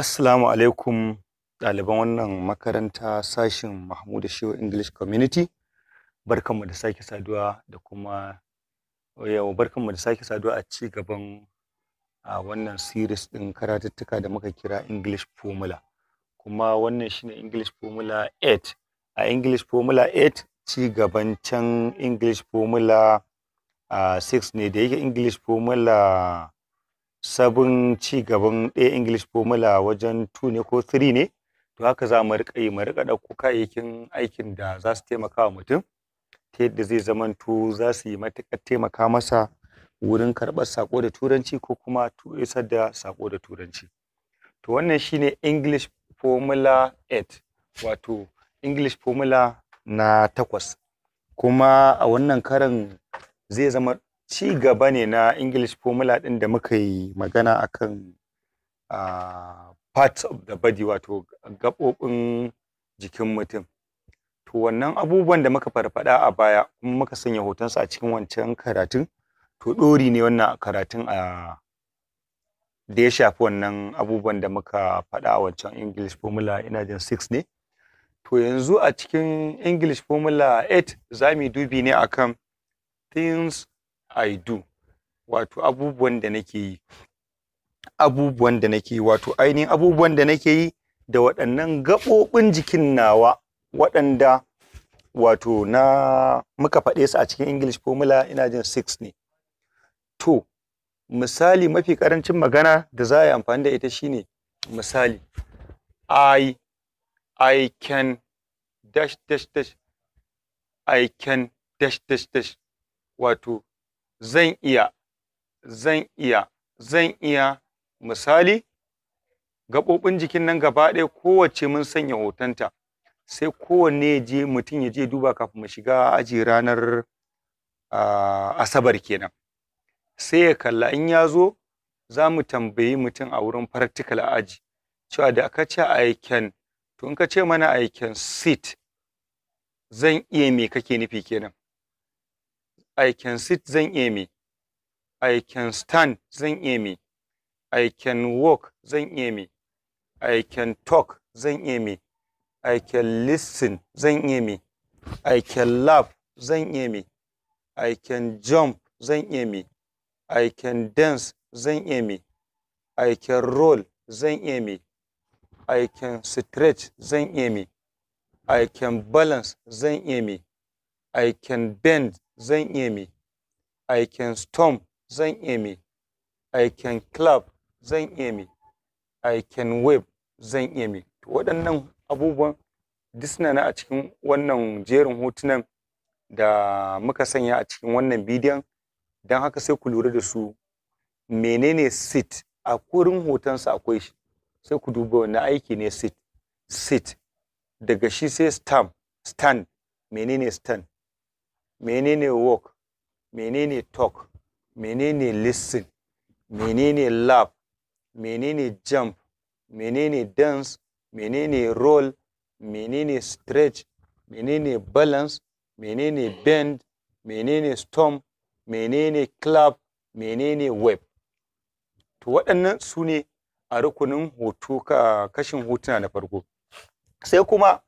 Assalamu alaikum ɗaliban wannan makaranta sashin Mahmudu Shehu English Community. Barkanmu da sake saduwa da kuma yau barkanmu da sake saduwa a ci gaban a wannan series ɗin karatuttuka da muka kira English Formula. Kuma wannan shine English Formula 8. A English Formula 8 ci gaban can English Formula 6 ne da yake English Formula sabon ci gaban ɗaya English formula wajen 2 ne ko 3 ne to haka za mu riƙa yi mu riƙa ɗauko kayayyakin aikin da za su taimaka wa mutum ta yadda zai zamanto za su yi matuƙar taimaka masa wurin karɓar sako da turanci ko kuma isar da sako da turanci to wannan shine English formula 8 wato English formula na takwas kuma a wannan karan zai zama ci gaba ne na English formula ɗin da muka yi magana a kan part of the body wato gaɓoɓin jikin mutum. To wannan abubuwan da muka farfaɗa a baya kuma muka sanya hotonsu a cikin wancan karatun to ɗori ne wannan karatun a da ya shafi wannan abubuwan da muka faɗa a wancan English formula ina jin 6 ne. To yanzu a cikin English formula 8 za mu dubi ne akan things I do wato abubuwan da nake yi abubuwan da nake yi wato ainihin abubuwan da nake yi da waɗannan gaɓoɓin jikin nawa waɗanda wato na muka faɗe su a cikin English formula ina jin six ne to misali mafi ƙarancin magana da za a yi amfani da ita shine misali I I can dash dash dash I can dash dash dash wato zan iya zan iya zan iya misali gaɓoɓin jikin nan gaba ɗaya kowace mun sanya hotonta sai kowanne ya je mutum ya je duba kafin mu shiga aji ranar asabar kenan sai ya kalla in ya zo za mu tambayi mutum a wurin practical aji cewa da aka ce I can to in ka ce mana I can sit zan iya me kake nufi kenan I can sit zan iya I can stand zan iya I can walk zan iya I can talk zan iya I can listen zan iya I can laugh zan iya I can jump zan iya I can dance zan iya I can roll zan iya I can stretch zan iya I can balance zan iya I can bend zan iya me, I can stomp zan iya me, I can clap zan iya me, I can wave zan iya me. Waɗannan abubuwan disna na a cikin wannan jerin hotunan da muka sanya a cikin wannan bidiyon don haka sai ku lura da su menene sit a kurin hotonsa akwai shi sai ku duba wani aiki ne sit sit daga shi sai stand menene stand menene work menene talk menene listen menene laugh menene jump menene dance menene roll menene stretch menene balance menene bend menene storm menene clap menene web to waɗannan su ne a rukunin hutu ka kashin hutuna na farko sai kuma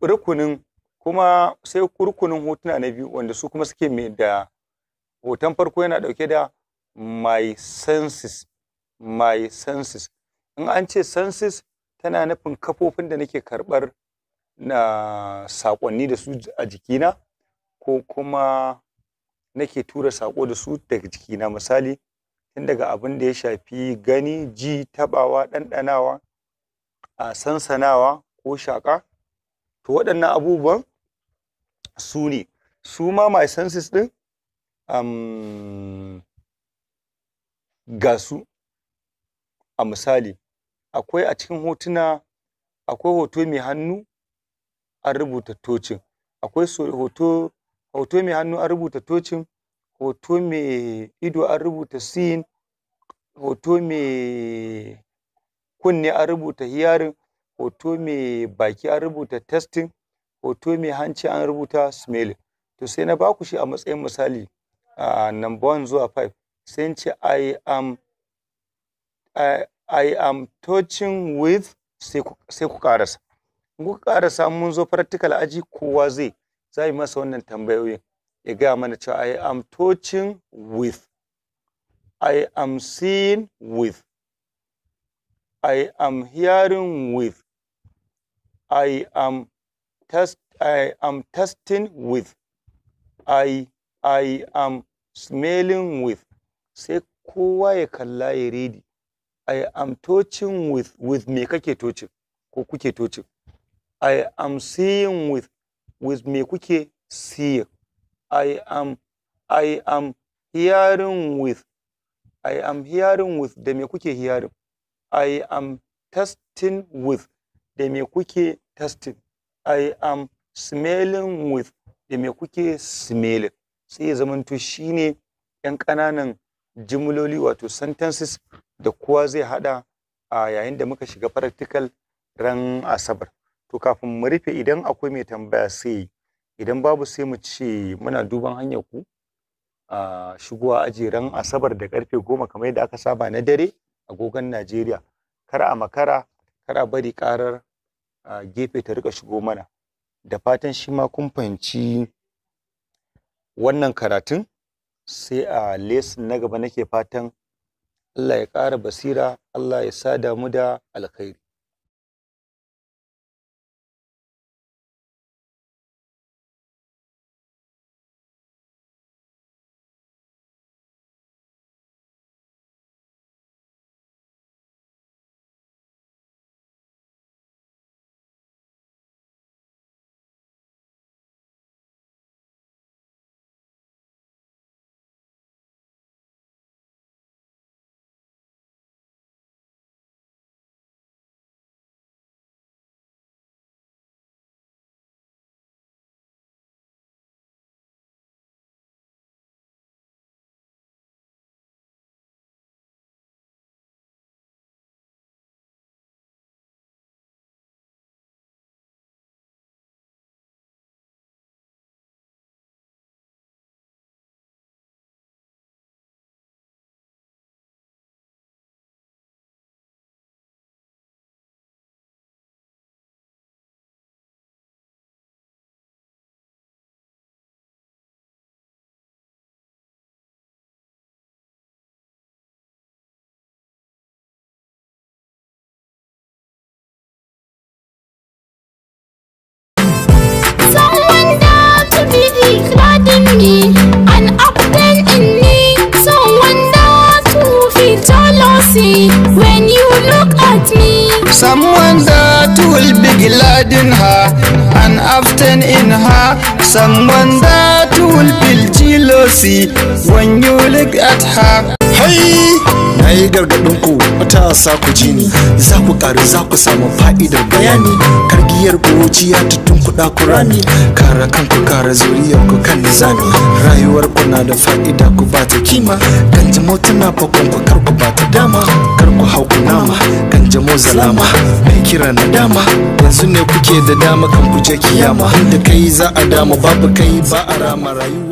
rukunin kuma sai kurkunin hotuna na biyu wanda su kuma suke mai da hoton farko yana dauke da my senses my senses in an ce senses tana nufin kafofin da nake karɓar na sakonni da su a jikina ko kuma nake tura sako da su daga jikina misali tun daga abin da ya shafi gani ji taɓawa ɗanɗanawa a sansanawa ko shaƙa to waɗannan abubuwan su ne su ma my senses din um, ga a misali akwai a cikin hotuna akwai hoto mai hannu an rubuta tocin akwai hoto hoto mai hannu an rubuta tocin hoto mai ido an rubuta sin hoto mai kunne an rubuta hiyarin hoto mai baki an rubuta testing hoto mai hanci an rubuta smell to sai na baku shi a matsayin misali a number one zuwa five sai ce I am I, I am touching with sai ku karasa in kuka karasa mun zo practical aji kowa zai za yi masa wannan tambayoyin ya gaya mana cewa I am touching with I am seeing with I am hearing with I am test, I am testing with, I, I am smelling with, sai kowa ya kalla ya redi, I am touching with, with me kake touching ko kuke touching, I am seeing with, with me kuke seeing, I am, I am hearing with, I am hearing with da me kuke hearing, I am testing with da me kuke testing. I am smelling with da me kuke smelling sai ya zamanto shine yan ƙananan jimloli wato sentences da kowa zai hada a yayin da muka shiga practical ran asabar to kafin mu rufe idan akwai mai tambaya sai idan babu sai mu ce muna duban hanyar ku a shigowa aji ran asabar da karfe goma kamar yadda aka saba na dare agogon najeriya kar a makara kar a bari karar a gefe ta rika shigo mana da fatan shi ma kun fahimci wannan karatun sai a lesson na gaba nake fatan Allah ya ƙara basira Allah ya sa damu da alkhairi dangi an update in me someone that will feel jealousy when you look at me someone that will be glad in her and often in her someone that will feel jealousy when you look at her hey nayi yi gargaɗin ku sa ku ji ni za ku ƙaru za ku samu fa'idar bayani kargiyar kuruciya ta tunkuɗa ku rani kara kanku kara zuriyar ku kan nizami rayuwar ku na da fa'ida ku ba ta kima kanjamo tana fakon ku kar ku ba ta dama kar ku hau ku nama kanjamo zalama mai kira na dama yanzu ne kuke da dama kan ku je kiyama da kai za a dama babu kai ba a rama rayuwa